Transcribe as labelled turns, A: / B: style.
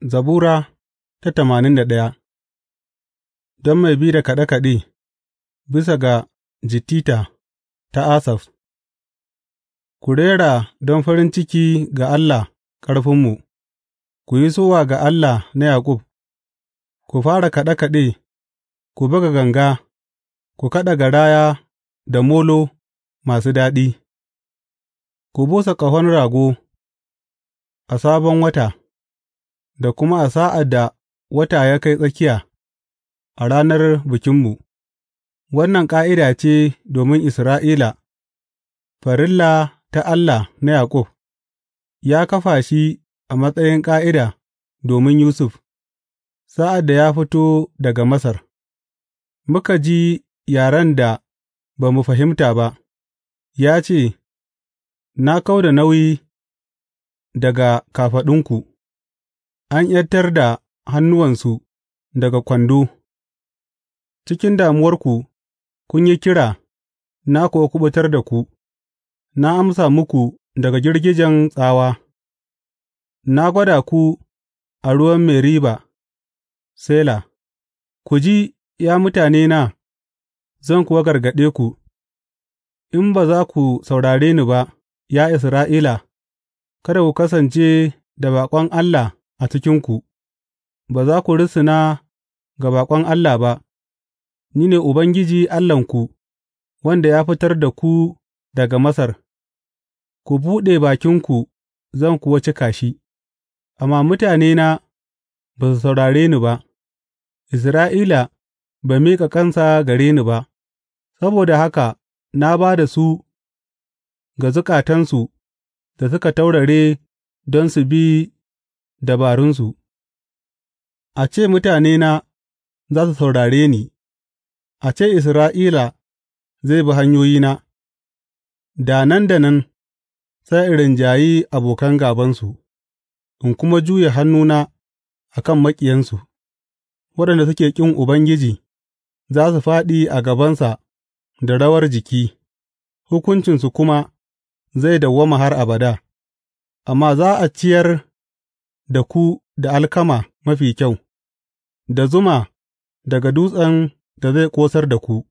A: Zabura ta tamanin da ɗaya Don mai bi da kaɗe-kaɗe bisa ga jittita ta Asaf Ku rera don farin ciki ga Allah ƙarfinmu, ku yi sowa ga Allah na Yaƙub, ku fara kaɗe-kaɗe, ku buga ganga, ku kaɗa garaya da molo masu daɗi, ku busa ƙahon rago a Sabon Wata. da kuma a sa'ad da wata ya kai tsakiya a ranar Bikinmu, wannan ƙa'ida ce domin Isra'ila, farilla ta Allah na Yaƙub, ya kafa shi a matsayin ƙa'ida domin Yusuf, sa'ad da ya fito daga Masar, muka ji yaren da ba mu fahimta ba, ya ce, Na kau da nauyi daga kafaɗunku. An ’yantar da hannuwansu daga kwando; cikin damuwarku kun yi kira na kuwa kuɓutar da ku; na amsa muku daga girgijen tsawa, na gwada ku a ruwan Meriba. Sela Ku ji, ya mutanena, zan kuwa gargaɗe ku; in ba za ku saurare ni ba, ya Isra'ila, kada ku kasance da baƙon Allah. a cikinku, ba za ku rusuna ga baƙon allah ba, ni ne Ubangiji Allahnku, wanda ya fitar da ku daga Masar, ku buɗe bakinku zan kuwa cika shi, amma mutanena ba su saurare ni ba, Isra'ila ba miƙa kansa gare ni ba, saboda haka na ba da su ga zukatansu da suka taurare don su bi dabarunsu, a ce mutanena za su saurare ni, a ce Isra'ila zai bi hanyoyina, da nan da nan sai in rinjayi abokan gabansu, in kuma juya hannuna a kan maƙiyansu, waɗanda suke ƙin Ubangiji za su fāɗi a gabansa da rawar jiki, hukuncinsu kuma zai dawwama har abada, amma za a ciyar da ku da alkama mafi kyau, da zuma daga dutsen da zai ƙosar da ku.